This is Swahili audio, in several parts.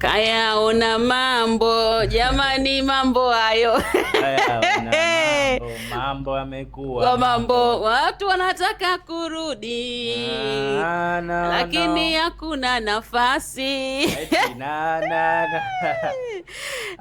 Kayaona mambo jamani, mambo hayo mambo yamekuwa mambo, watu wanataka kurudi na, na, lakini hakuna nafasi na, na, na.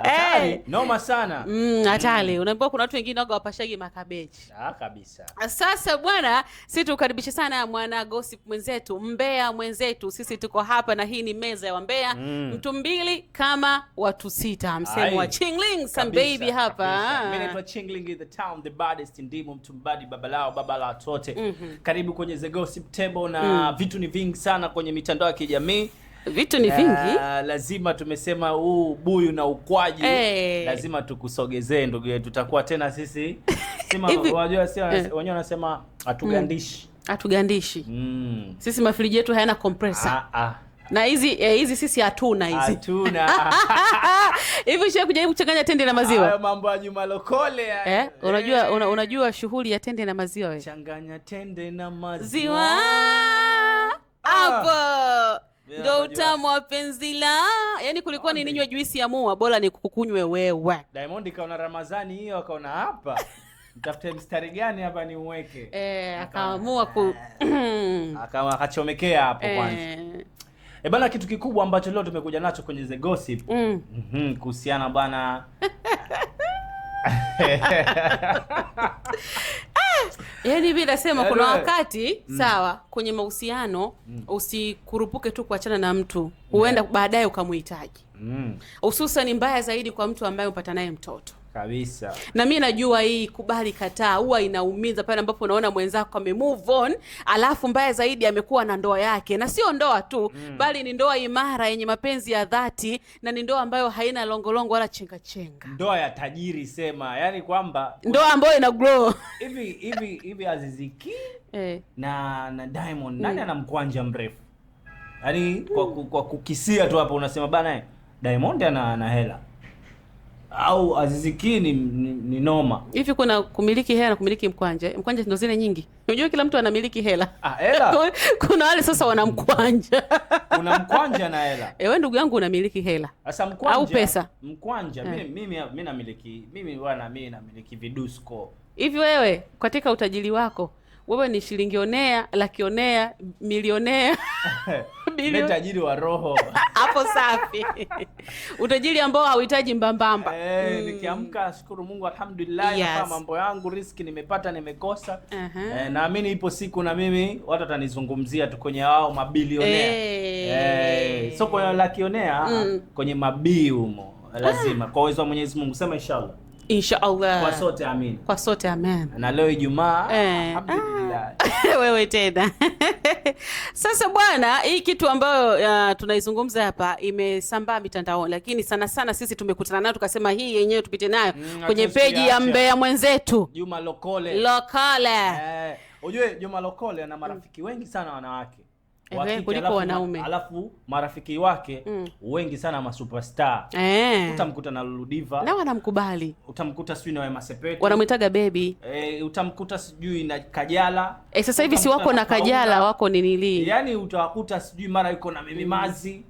Hatari. Eh. Noma sana. Mm, hatari. Mm. Unaambiwa kuna watu wengine waga wapashagi makabeji. Ah, kabisa. Sasa bwana, si tukaribishe sana mwana gossip mwenzetu, Mbea mwenzetu. Sisi tuko hapa na hii ni meza ya Wambea. Mm. Mtu mbili kama watu sita. Msemo wa Chingling some baby hapa. Ah. Mimi naitwa Chingling the town the baddest ndimo mtu mbadi babalao babala tote. Mm -hmm. Karibu kwenye The Gossip Table na mm. Vitu ni vingi sana kwenye mitandao ya kijamii vitu ni vingi uh, lazima tumesema huu buyu na ukwaji hey. Eh. Lazima tukusogezee ndugu yetu, tutakuwa tena sisi wajua eh. wenyewe wanasema hatugandishi mm. hatugandishi mm. Sisi mafriji yetu hayana compressor ah, ah. Na hizi eh, hizi sisi hatuna hizi. Hatuna. Hivi shia kujaribu kuchanganya tende na maziwa. Hayo mambo ya Juma Lokole. Eh, unajua una, unajua shughuli ya tende na maziwa wewe. Changanya tende na maziwa. Ziwa. Hapo. Ah. Ndio utamu wa penzi la. Yaani kulikuwa ni ninywe juisi ya mua, bora ni kukunywe wewe. Diamond kaona Ramadhani hiyo akaona hapa. Mtafute mstari gani hapa ni uweke. Eh, akaamua ku akawa akachomekea hapo eh. kwanza. Eh, bana kitu kikubwa ambacho leo tumekuja nacho kwenye The Gossip. Mm. Mhm, kuhusiana bana yani bila nasema kuna yaani. wakati mm. Sawa, kwenye mahusiano mm. usikurupuke tu kuachana na mtu, huenda baadaye ukamuhitaji, mm. hususan mm. mbaya zaidi kwa mtu ambaye upata naye mtoto kabisa. Na mimi najua hii kubali kataa huwa inaumiza pale ambapo unaona mwenzako ame move on, alafu mbaya zaidi amekuwa na ndoa yake, na sio ndoa tu mm, bali ni ndoa imara yenye mapenzi ya dhati, na ni ndoa ambayo haina longolongo wala chenga chenga, ndoa ya tajiri sema, yani kwamba ndoa ambayo ina grow hivi hivi hivi. aziziki eh, na na Diamond nani mm. anamkwanja mrefu yani mm, kwa, kwa kukisia tu hapo unasema bana eh, Diamond ana hela au Aziziki ni, ni, ni noma hivi. Kuna kumiliki hela na kumiliki mkwanja. Mkwanja ndo zile nyingi, unajua kila mtu anamiliki hela ah, hela kuna wale sasa wana mkwanja kuna mkwanja na hela eh, wewe ndugu yangu unamiliki hela sasa mkwanja au pesa mkwanja yeah. Mimi mimi mimi namiliki mimi bwana, mimi namiliki vidusko hivi. Wewe katika utajiri wako wewe ni shilingionea, lakionea, milionea bilioni. Tajiri wa roho hapo safi, utajiri ambao hauhitaji mbambamba. E, mm. Nikiamka shukuru Mungu, alhamdulillah, yes. Mambo yangu riski nimepata, nimekosa. uh -huh. E, naamini ipo siku na mimi watu watanizungumzia tu kwenye wao mabilionea. hey. Eh. E, eh, so kwenye lakionea mm. kwenye mabii humo lazima ah. Kwa uwezo wa Mwenyezi Mungu, sema inshallah inshaallah Kwa sote amin. Kwa sote amen Na leo Ijumaa eh, ah. Wewe tena. Sasa bwana, hii kitu ambayo uh, tunaizungumza hapa imesambaa mitandaoni, lakini sana sana sisi tumekutana nayo tukasema hii yenyewe tupite nayo mm, kwenye peji ya Mbeya mwenzetu Juma Lokole. Lokole. Eh, ujue Juma Lokole ana marafiki wengi sana wanawake Eh, kuliko wanaume, alafu marafiki wake mm. wengi sana masuperstar e. Eh. Utamkuta na Luludiva na wanamkubali, utamkuta sijui na Wema wanamwitaga baby e, utamkuta sijui na Kajala e, sasa hivi si wako na Kajala, wako ni nili, yani utawakuta sijui mara yuko na Mimi mm. Mazi mm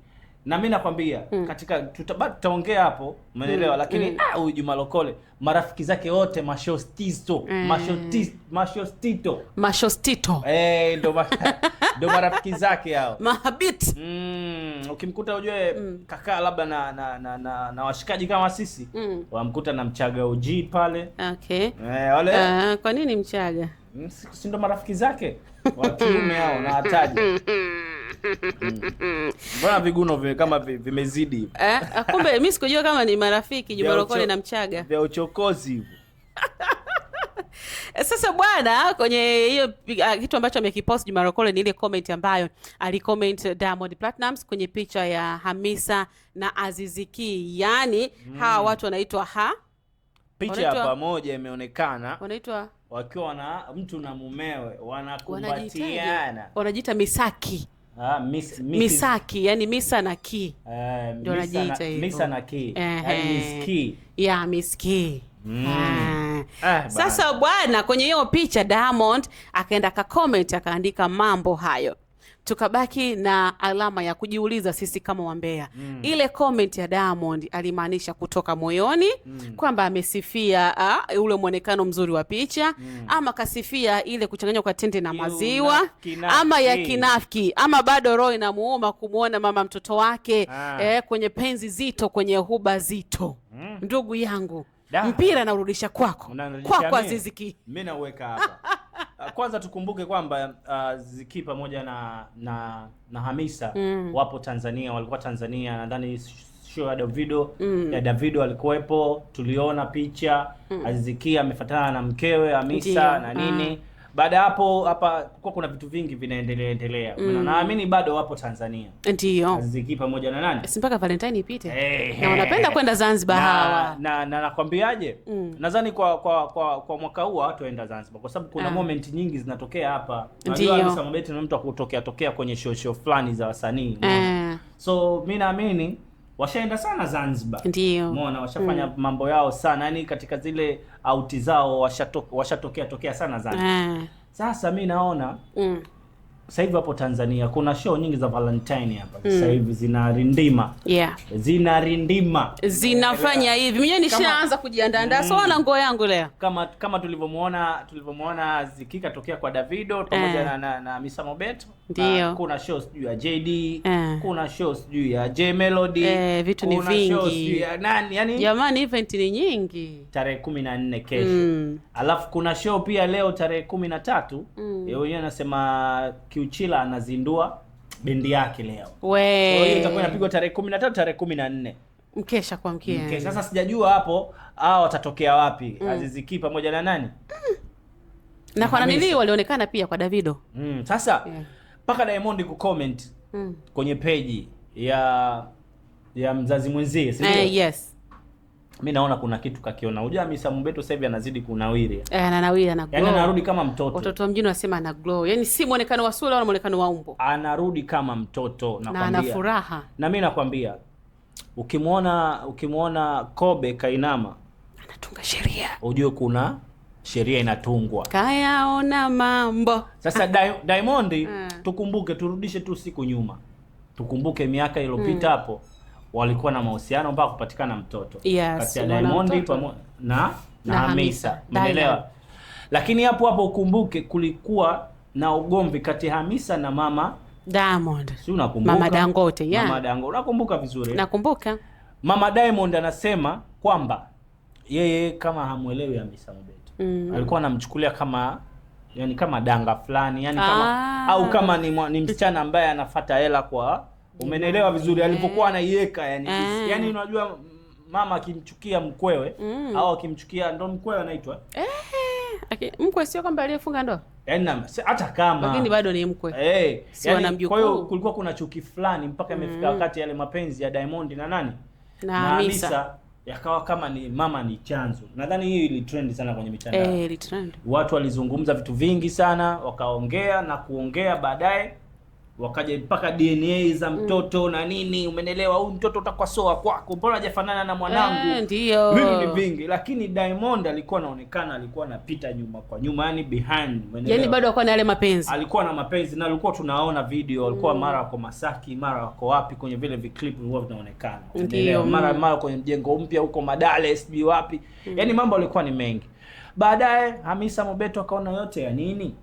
na mimi nakwambia mm. katika tutaongea hapo umeelewa, mm. lakini mm. Ah, huyu Juma Lokole marafiki zake wote mashostizo mm. mashostito mashostito eh, ndo ma, ndo marafiki zake hao mahabit mm, ukimkuta ujue mm. kakaa labda na na, na, na, na washikaji kama sisi mm. wamkuta na Mchaga OG pale okay eh, wale uh, kwa nini Mchaga mm, si ndo marafiki zake wa kiume hao na hataji Mm. Mbona viguno vime kama vimezidi? Eh, ah, kumbe mimi sikujua kama ni marafiki Jumalokole na Mchaga. Vya uchokozi hivyo. Sasa bwana, kwenye hiyo ah, kitu ambacho amekipost Jumalokole ni ile comment ambayo alicomment Diamond Platnumz kwenye picha ya Hamisa na Aziziki, yaani mm. hawa watu wanaitwa ha picha ya pamoja imeonekana wanaitwa wakiwa na mtu na mumewe wanakumbatiana, wanajiita misaki. Ah, misaki yani misa na ki eh, ndio najiita hivyo. Misa na ki. Eh, eh, miski. Ya miski. Mm. Ah. sasa bwana, kwenye hiyo picha Diamond akaenda ka comment akaandika mambo hayo tukabaki na alama ya kujiuliza sisi kama Wambea mm. ile comment ya Diamond alimaanisha kutoka moyoni mm. kwamba amesifia uh, ule mwonekano mzuri wa picha mm. ama kasifia ile kuchanganywa kwa tende na maziwa Yuna, ama ya kinafki ama bado roho inamuuma kumwona mama mtoto wake ah. eh, kwenye penzi zito kwenye huba zito mm. ndugu yangu da. mpira naurudisha kwako kwako aziziki mi naweka hapa Ah, kwanza tukumbuke kwamba uh, Ziki pamoja na na, na Hamisa mm. wapo Tanzania, walikuwa Tanzania nadhani show ya Davido mm. ya Davido alikuwepo, tuliona picha mm. Aziziki amefuatana na mkewe Hamisa na nini mm. Baada ya hapo hapa kwa kuna vitu vingi vinaendelea endelea. Mm. Naamini bado wapo Tanzania. Ndio. ziki pamoja na nani? Si mpaka Valentine ipite. Hey, na wanapenda kwenda Zanzibar na, hawa. Na na nakwambiaje? Na mm. Nadhani kwa kwa kwa, kwa mwaka huu watu waenda Zanzibar kwa sababu kuna ah, moment nyingi zinatokea hapa. Najua Hamisa Mobeti na mtu akutokea tokea kwenye show show fulani za wasanii. eh. So mimi naamini washaenda sana Zanzibar, ndio umeona mm. washafanya mm. mambo yao sana, yani katika zile auti zao washatokea washatokea tokea sana Zanzibar ah. Sasa mi naona mm. Sasa hivi hapo Tanzania kuna show nyingi za Valentine hapa mm. Sasa hivi zinarindima yeah. zinarindima zinafanya hivi, mimi nishaanza kujiandaa mm. so na nguo yangu leo, kama kama tulivyomuona zikika tokea kwa Davido pamoja eh. na, na, na Misa Mobeto Ndiyo. Kuna show sijui ya JD, eh. Kuna show sijui ya J Melody, eh, vitu kuna ni vingi. Kuna show ya nani, yani Jamani event ni nyingi. Tarehe 14 kesho. Mm. Alafu kuna show pia leo tarehe tatu Mm. Yeye wenyewe anasema Kiuchila anazindua bendi yake leo. We. Kwa hiyo itakuwa inapigwa tarehe 13, tarehe 14. Mkesha kwa mkia. Mkesha. Sasa sijajua hapo hao watatokea wapi? Mm. Azizi Ki pamoja na nani? Mm. Na kwa nani walionekana pia kwa Davido. Mm. Sasa yeah mpaka Diamond kucomment mm. kwenye peji ya ya mzazi mwenzie si eh, yes. Mimi naona kuna kitu kakiona. Unajua Hamisa Mobeto sasa hivi anazidi kunawiri. Eh, ananawiri ana yaani glow. anarudi kama mtoto. Watoto wa mjini wanasema ana glow. yani si muonekano wa sura wala muonekano wa umbo. Anarudi kama mtoto nakwambia. Na ana furaha. Na mimi nakwambia ukimwona ukimwona Kobe kainama anatunga sheria. Ujue kuna sheria inatungwa. Kayaona mambo. Sasa Diamond, eh. tukumbuke, turudishe tu siku nyuma, tukumbuke miaka iliyopita hmm. hapo mm. walikuwa na mahusiano mpaka kupatikana mtoto yes, kati ya Diamond pamoja na na Hamisa, umeelewa? Lakini hapo hapo ukumbuke kulikuwa na ugomvi kati ya Hamisa na mama Diamond. Si unakumbuka? Mama Dangote, yeah. Mama Dangote. Unakumbuka vizuri? Nakumbuka. Mama Diamond anasema kwamba yeye kama hamuelewi Hamisa Mobello mm. alikuwa anamchukulia kama yani kama danga fulani yani kama ah. au kama ni, ni msichana ambaye anafata hela kwa umenelewa vizuri alipokuwa eh. anaiweka yani eh. yani unajua mama akimchukia mkwewe mm. au akimchukia ndo mkwewe anaitwa eh. Okay. Mkwe sio kwamba aliyefunga ndoa hata kama lakini bado ni mkwe hey, eh. si yani, kwa hiyo kulikuwa kuna chuki fulani mpaka imefika mm. wakati yale mapenzi ya Diamond na nani na, na Hamisa yakawa kama ni mama ni chanzo. Nadhani hii ilitrend sana kwenye mitandao eh, ilitrend. Watu walizungumza vitu vingi sana, wakaongea na kuongea baadaye wakaja mpaka DNA za mm. mtoto mm. na nini, umenelewa? Huyu mtoto soa kwako, mbona hajafanana na mwanangu? Eh, ndio vivi ni vingi, lakini Diamond alikuwa anaonekana alikuwa anapita nyuma kwa nyuma, yani behind, umenelewa? Yani bado alikuwa na yale mapenzi, alikuwa na mapenzi na alikuwa tunaona video, alikuwa mm. mara wako Masaki, mara wako wapi, kwenye vile viclip huwa vinaonekana, ndio mara mara kwenye mjengo mpya huko Madale, sijui wapi mm. yani mambo alikuwa ni mengi. Baadaye Hamisa Mobeto akaona yote ya nini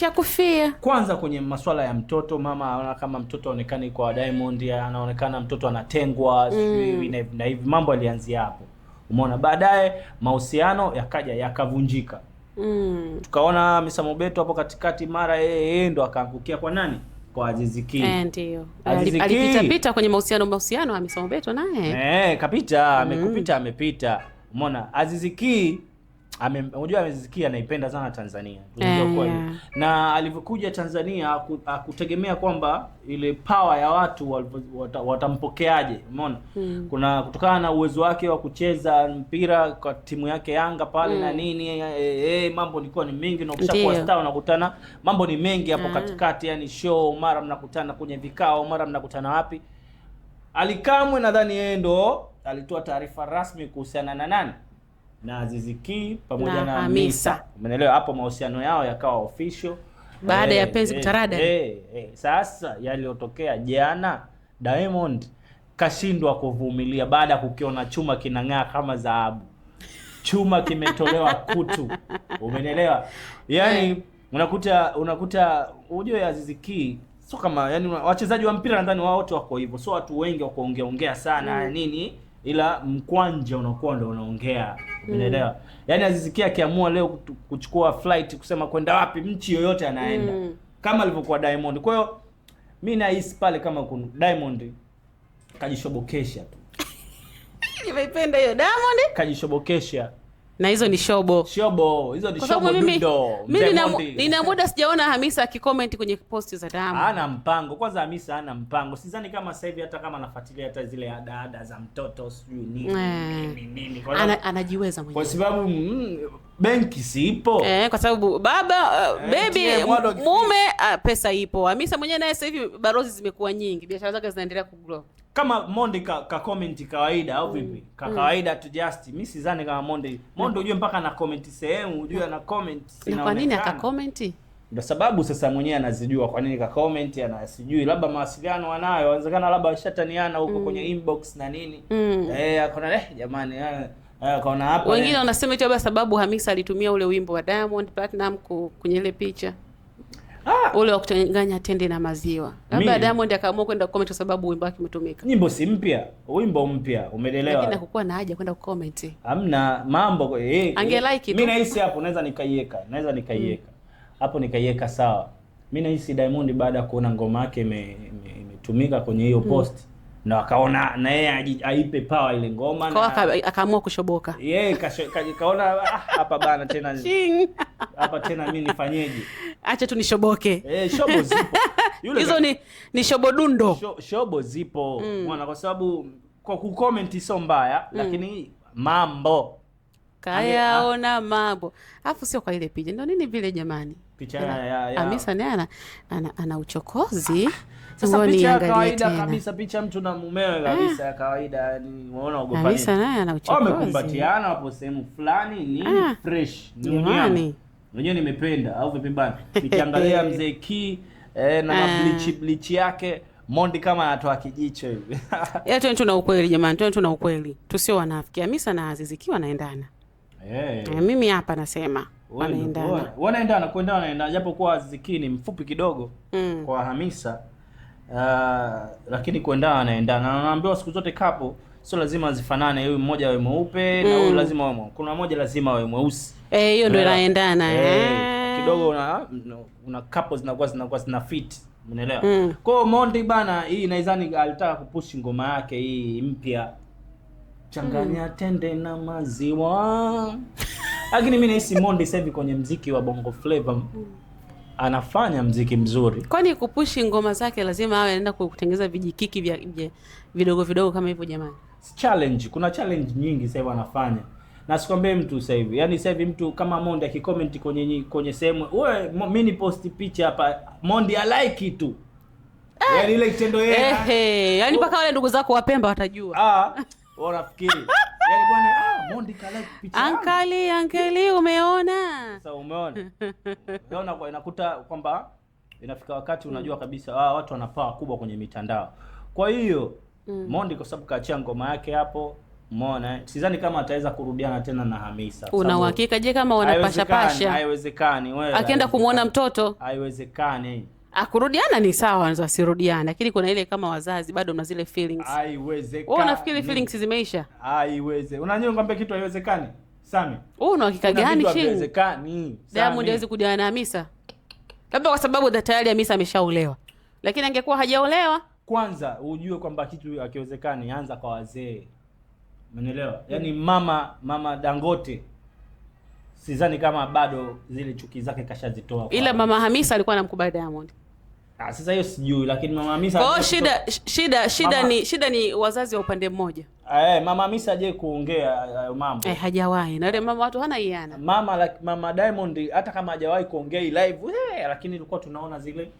cha kufia. Kwanza kwenye masuala ya mtoto, mama anaona kama mtoto aonekane kwa Diamond, anaonekana mtoto anatengwa, mm. na hivi mambo alianzia hapo, umeona. Baadaye mahusiano yakaja yakavunjika, mm. tukaona Misa Mobeto hapo katikati, mara yeye yeye ndo akaangukia kwa nani kwa Azizi Ki. Eh, ndio. Alipita pita kwenye mahusiano mahusiano Hamisa Mobeto naye. Eh, kapita, mm. amekupita, mm. amepita. Umeona Azizi unajua ame, Amezikia anaipenda sana Tanzania eh, yeah. Na alivyokuja Tanzania akutegemea kwamba ile power ya watu watampokeaje, wata umeona hmm. Kuna kutokana na uwezo wake wa kucheza mpira kwa timu yake Yanga pale hmm. na nini e, e, mambo nilikuwa ni mengi na ukishakuwa star unakutana mambo ni mengi hapo hmm. katikati, yani show mara mnakutana kwenye vikao mara mnakutana wapi. Alikamwe nadhani yeye ndo alitoa taarifa rasmi kuhusiana na nani na Azizi Ki pamoja na, na Hamisa. Umeelewa hapo, mahusiano yao yakawa official baada hey, ya eh, penzi eh, kutarada hey, eh, hey. Sasa yaliyotokea jana, Diamond kashindwa kuvumilia baada ya kukiona chuma kinang'aa kama dhahabu, chuma kimetolewa kutu, umeelewa yani unakuta unakuta unajua Azizi Ki so kama yani, wachezaji wa mpira nadhani wao wote wako hivyo, so watu wengi wako ongea ongea sana hmm. nini ila mkwanja unakuwa ndo unaongea, umeelewa? mm. Yaani azisikia akiamua leo kuchukua flight kusema kwenda wapi, mchi yoyote anaenda mm. kama alivyokuwa Diamond. Kwa hiyo mi nahisi pale kama kuna Diamond kajishobokesha tu. Nimeipenda hiyo Diamond kajishobokesha na hizo ni shobo shobo, hizo ni shobo. mimi nina muda sijaona Hamisa akikomenti kwenye posti za damu Hana mpango kwanza, Hamisa hana mpango. Sidhani kama sasa hivi hata kama anafuatilia hata zile ada ada za mtoto sijui nini eh. nini, anajiweza mwenyewe kwa sababu mm, benki siipo eh, kwa sababu baba uh, eh, mume uh, pesa ipo. amisa mwenyewe naye sasa hivi barozi zimekuwa nyingi, biashara zake zinaendelea kugrow kama Monde ka, ka comment kawaida au vipi? Mm. Ka mm. kawaida tu just mimi sidhani kama Monde Monde mm. Ujue mpaka na comment sehemu ujue ana comment. Na kwa nini aka comment? Ndio sababu sasa mwenyewe anazijua kwa nini ka comment, anasijui labda mawasiliano wanayo, inawezekana labda washataniana huko mm. kwenye inbox na nini mm. eh akona eh, jamani eh. Eh, kaona hapa wengine wanasema eti sababu Hamisa alitumia ule wimbo wa Diamond Platinum kwenye ile picha Ah, ule wa kutanganya tende na maziwa. Labda Diamond akaamua kwenda kucomment kwa sababu wimbo wake umetumika. Nyimbo si mpya, wimbo mpya, umeelewa? Lakini hakukuwa na haja kwenda kucomment. Hamna mambo eh. Ange like mimi nahisi hapo naweza nikaiweka, naweza nikaiweka. Mm. Hapo mm, nikaiweka sawa. Mimi nahisi Diamond baada ya kuona ngoma yake imetumika kwenye hiyo mm. post mm na akaona na yeye aipe pawa ile ngoma na akaamua kushoboka yeye kaona ah, hapa bana tena hapa tena mimi nifanyeje? Acha tu nishoboke. Eh, shobo zipo hizo ni ni shobo dundo Sh- shobo zipo mm. Mwana kwa sababu kwa kucomment sio mbaya mm. Lakini mambo ah. kayaona mambo alafu sio kwa ile picha ndio nini vile jamani, picha ya, ya, ya. amisa naye ana, ana, ana uchokozi kawaida kabisa, picha mtu na mumewe eh. kabisa ya kawaida, yani unaona ogopa naye wamekumbatiana hapo sehemu fulani, ni ah. fresh, ni mwenyewe, nimependa au vipi bana? Nikiangalia mzee ki eh, na ah. bleach yake Mondi kama anatoa kijicho hivi. tuna ukweli jamani, twende tuna ukweli. Tusio wanafiki. Hamisa na Azizi kiwa naendana. Eh. Hey. Eh, mimi hapa nasema wanaendana. Wanaendana, kuendana wanaendana japo kwa Azizi ni mfupi kidogo mm. kwa Hamisa uh, lakini kuendana anaendana na naambiwa siku zote kapo sio lazima zifanane, huyu mmoja awe mweupe mm. na huyu lazima awe mweupe. kuna mmoja lazima awe mweusi eh, hiyo ndio inaendana eh, ah. kidogo una una kapo zinakuwa zinakuwa zina fit unaelewa mm. Kwa hiyo Mondi bana, hii naizani alitaka kupush ngoma yake hii mpya changanya mm. tende na maziwa lakini mimi nahisi Mondi sasa hivi kwenye mziki wa Bongo Flava mm anafanya mziki mzuri. Kwani kupushi ngoma zake lazima awe anaenda kutengeneza vijikiki vya vidogo vidogo kama hivyo? Jamani, challenge, kuna challenge nyingi sasa hivi anafanya na sikwambie mtu sasa hivi, yaani sasa hivi mtu kama Mondi akicomment kwenye kwenye sehemu, wewe mimi ni post picha hapa, Mondi like tu eh, yaani ile kitendo yeye eh, yaani mpaka wale ndugu zako wapemba watajua, ah nafikiri. yaani bwana ah! Ankali, ankali umeona? sa umeona? Unaona kwa inakuta kwamba inafika wakati unajua mm. kabisa ah, watu wana kubwa kwenye mitandao. Kwa hiyo mm. Mondi kwa sababu kaachia ngoma yake hapo, mona Sidhani kama ataweza kurudiana tena na Hamisa. Una uhakika je kama wanapashapasha? Haiwezekani Akienda kumwona mtoto? Haiwezekani. Akurudiana ah, ni sawa, wasirudiana, lakini kuna ile kama wazazi bado mna zile feelings. Haiwezekani. Wewe unafikiri feelings zimeisha? Haiweze. Unanyonga ngambe kitu haiwezekani. Sami. Wewe una hakika gani chini? Haiwezekani. Diamond hawezi kujana na Hamisa. Labda kwa sababu da tayari Hamisa ameshaolewa. Lakini angekuwa hajaolewa, kwanza ujue kwamba kitu hakiwezekani, anza kwa wazee. Umeelewa? Yaani mm. mama mama Dangote sidhani kama bado zile chuki zake kashazitoa. Ila mama Hamisa alikuwa anamkubali Diamond. Ah, sasa hiyo sijui lakini Mama Hamisa Kwa shida shida shida mama, ni shida ni wazazi wa upande mmoja. Eh, Mama Hamisa hajawahi kuongea hayo mambo. Eh, hajawahi. Na yule mama watu hana iana. Mama like, Mama Diamond hata kama hajawahi kuongea hii live, eh, lakini ilikuwa tunaona zile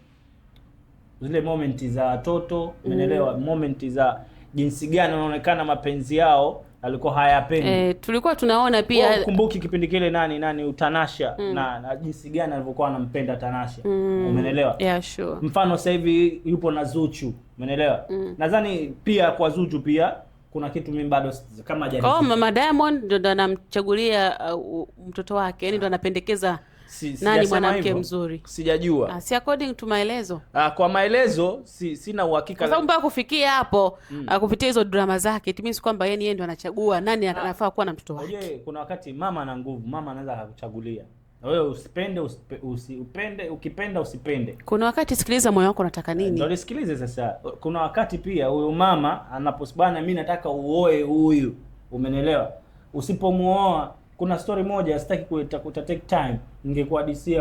zile momenti za watoto, umeelewa? Mm. Momenti za jinsi gani wanaonekana mapenzi yao alikuwa hayapendi. Eh, tulikuwa tunaona pia kumbuki kipindi kile nani nani utanasha mm. na, na jinsi gani alivyokuwa anampenda Tanasha mm. umeelewa? yeah, sure. Mfano sasa hivi yupo na Zuchu umeelewa? mm. nadhani pia kwa Zuchu pia kuna kitu mimi bado kama jaribu. Oh, mama Diamond ndo anamchagulia uh, mtoto wake yani ndo anapendekeza si, nani mwanamke mzuri sijajua, ah, si according to maelezo ah, kwa maelezo si, sina uhakika, kwa sababu mpaka kufikia hapo mm. Ah, kupitia hizo drama zake it means kwamba yeye ndiye ndo anachagua nani ah, anafaa kuwa na mtoto wake. Oye, kuna wakati mama ana nguvu, mama anaweza akakuchagulia wewe usipende, usi, upende ukipenda usipende. Kuna wakati sikiliza moyo wako unataka nini, ndio nisikilize sasa. Kuna wakati pia huyu mama anaposbana, mimi nataka uoe huyu, umenelewa Usipomuoa kuna story moja sitaki kuita take time,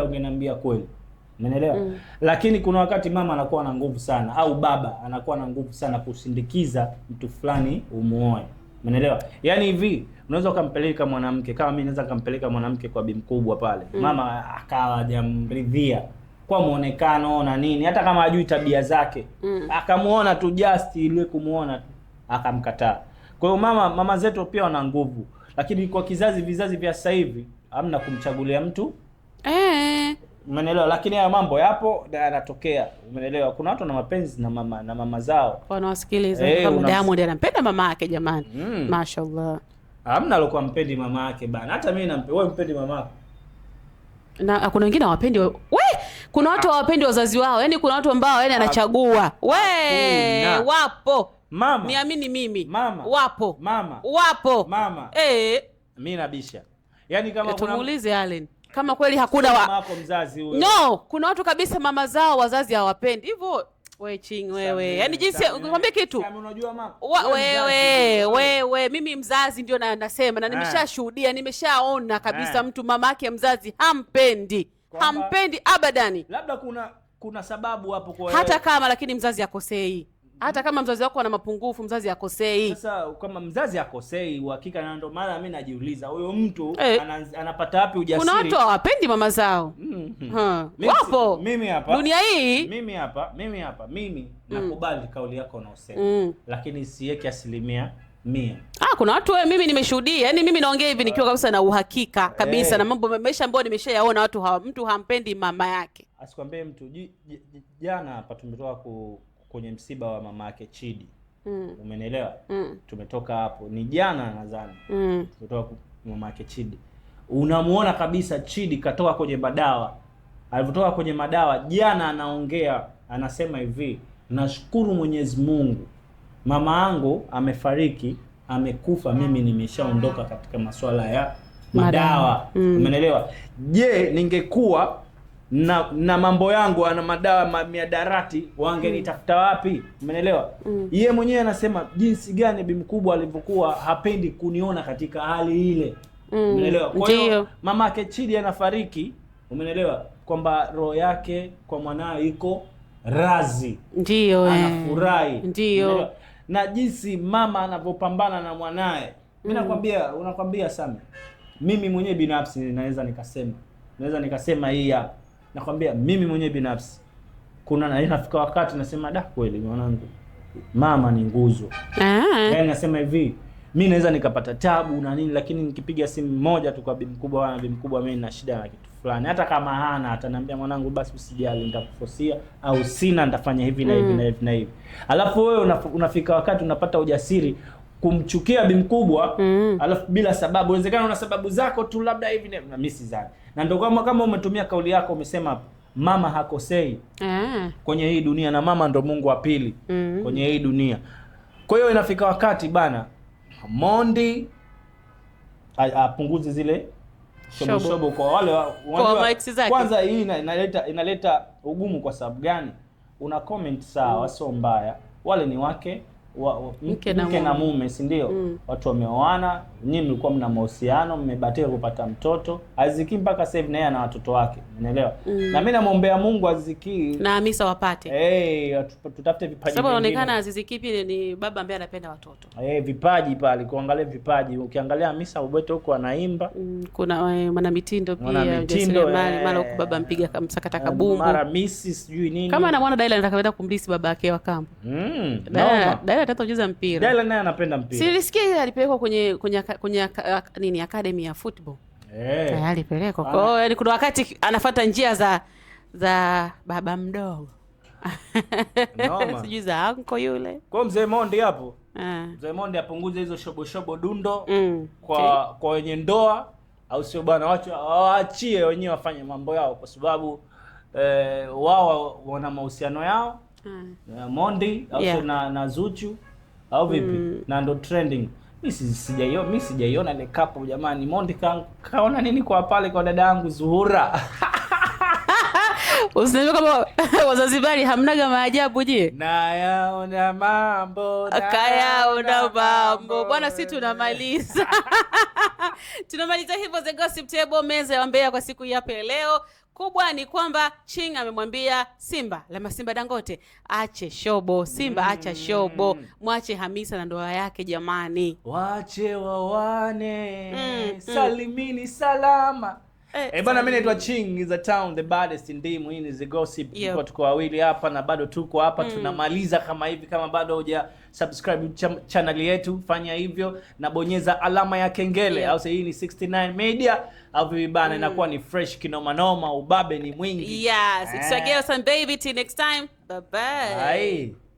au ungeniambia kweli, umeelewa? mm. Lakini kuna wakati mama anakuwa na nguvu sana au baba anakuwa na nguvu sana kusindikiza mtu fulani umuoe, umeelewa? Yaani hivi unaweza ukampeleka mwanamke kama mimi naweza kampeleka mwanamke kwa bi mkubwa pale, mm. mama akawa hajamridhia kwa muonekano na nini, hata kama hajui tabia zake mm. akamuona tu just ile kumuona tu akamkataa. Kwa hiyo mama, mama zetu pia wana nguvu lakini kwa kizazi vizazi vya sasa hivi hamna kumchagulia mtu eh. Umenelewa, Lakini haya mambo yapo yanatokea, Umenelewa, Kuna watu na mapenzi na mama na mama zao wanawasikiliza hey, eh, kama Diamond anampenda mama yake jamani, mm. Mashaallah, hamna alikuwa mpendi mama yake bana. Hata mimi nampe wewe, mpendi mama yako na kuna wengine hawapendi we, kuna watu ah. hawapendi wazazi wao, yani kuna watu ambao yani anachagua we, wapo mama, niamini mimi mama, wapo mama, wapo mama. Eh, mimi nabisha yani, kama e, kuna muulize Allen kama kweli hakuna wa... mama mzazi huyo. No, kuna watu kabisa mama zao wazazi hawapendi hivyo We ching wewe, yaani jinsi kwambie kitu wewe, wewe, mimi mzazi ndio na, nasema na ah. nimeshashuhudia nimeshaona kabisa ah. mtu mama yake mzazi hampendi Kwamba, hampendi abadani. Labda kuna kuna sababu hapo kwa hata kama, lakini mzazi akosei hata kama mzazi wako ana mapungufu, mzazi akosei. Sasa kama mzazi akosei, uhakika na ndio maana mimi najiuliza huyo mtu hey, eh. anapata wapi ujasiri? Kuna watu hawapendi mama zao mm -hmm. Wapo mimi hapa dunia hii, mimi hapa mimi hapa mimi mm. Nakubali kauli yako unaosema mm. Lakini siweke asilimia Mie. Ah, kuna watu wewe, mimi nimeshuhudia, yaani mimi naongea hivi nikiwa kabisa na uhakika kabisa hey, eh. na mambo maisha ambayo nimeshayaona watu hawa, mtu hampendi mama yake. Asikwambie mtu jana hapa tumetoka ku kwenye msiba wa yake Chidi. Mm. Umenielewa? Mm. Tumetoka hapo ni jana nadhani. Mm. Tumetoka kwa yake Chidi, unamuona kabisa Chidi katoka kwenye madawa. Alivyotoka kwenye madawa jana, anaongea anasema hivi, nashukuru Mwenyezi Mungu, mama yangu amefariki, amekufa, mimi nimeshaondoka katika masuala ya madawa. Mm. Umenielewa? Je, ningekuwa na na mambo yangu ana madawa miadarati, wangenitafuta mm. wapi? Umeelewa? mm. Yeye mwenyewe anasema jinsi gani bi mkubwa alivyokuwa hapendi kuniona katika hali ile. Mm. Umeelewa? Kwa hiyo mamake Chidi anafariki, umeelewa kwamba roho yake kwa mwanae iko razi, ndio eh. anafurahi, ndio na jinsi mama anavyopambana na mm. Mimi nakwambia, unakwambia sana mimi mwenyewe binafsi naweza nikasema, naweza nikasema hii hapa nakwambia mimi mwenyewe binafsi, kuna inafika wakati nasema da, kweli mwanangu, mama ni nguzo. Ah. Yani nasema hivi mi naweza nikapata tabu na nini, lakini nikipiga simu moja tu kwa bibi mkubwa, wana bibi mkubwa, mimi na shida na kitu fulani, hata kama hana ataniambia, mwanangu, basi usijali, nitakufosia au sina, nitafanya hivi na hivi mm, na hivi na hivi. Alafu wewe unafika wakati unapata ujasiri kumchukia bi mkubwa mm. alafu bila sababu. Inawezekana una sababu zako tu, labda hivi na mimi sidhani, na ndio kama kama umetumia kauli yako umesema mama hakosei ah. kwenye hii dunia, na mama ndo Mungu wa pili mm. kwenye hii dunia. Kwa hiyo inafika wakati bana Mondi apunguze zile shobo shobo kwa wale wa, kwa kwanza hii inaleta inaleta ugumu. Kwa sababu gani? Una comment sawa, mm. sio mbaya, wale ni wake wa, wa, mke na mume, mume si ndio? Mm. Watu wameoana, nyinyi mlikuwa mna mahusiano, mmebatia kupata mtoto. Aziki mpaka sasa hivi naye ana watoto wake, unaelewa? Mm. Na mimi namwombea Mungu Aziki na Hamisa wapate, eh, tutafute vipaji, sababu inaonekana Aziki pia ni baba ambaye anapenda watoto eh, vipaji pale, kuangalia vipaji. Ukiangalia Hamisa Ubwete huko anaimba, mm, kuna eh, mwanamitindo pia mali eh, mara huko baba mpiga kamsakata eh, kabumbu, mara misi sijui nini, kama anamwona Daila anataka kwenda kumlisi babake wa kambo. Mm, Dela anataka ucheza mpira. Dela naye anapenda mpira. Silisikia alipelekwa kwenye kwenye kwenye nini academy ya football. Eh. Hey. Eh, alipelekwa. Kwa hiyo yani kuna wakati anafuata njia za za baba mdogo. Sijui za anko yule. Kwa mzee Mondi hapo. Eh. Mzee Mondi apunguze hizo shobo shobo dundo mm. kwa okay. kwa wenye ndoa au sio bwana, wacha waachie wenyewe wafanye mambo yao kwa sababu eh, wao wana mahusiano yao uh, Mondi au yeah. na, na Zuchu au vipi? mm. na ndo trending mimi sijaiona, mimi sijaiona ile kapo jamani. Mondi ka, kaona nini kwa pale kwa dada yangu Zuhura? Usinajua kama Wazanzibari hamnaga maajabu je? Nayaona mambo kayaona mambo bwana, si tunamaliza tunamaliza hivyo the gossip table, meza ya Mbeya kwa siku hii hapa leo kubwa ni kwamba Ching amemwambia Simba la Simba Dangote ache shobo, Simba mm. acha shobo, mm. mwache Hamisa na ndoa yake jamani, wache wawane mm, mm. salimini salama Eh, e, eh, bana mimi naitwa Ching is the town the baddest ndimu hii ni the gossip. Yep. Kwa tuko wawili hapa na bado tuko hapa mm. tunamaliza kama hivi kama bado huja subscribe ch channel yetu fanya hivyo na bonyeza alama ya kengele. Yep. Au hii ni 69 Media au vipi bana, mm. inakuwa ni fresh kinoma noma, ubabe ni mwingi. Yes, eh. it's again some baby till next time. Bye bye. Hai.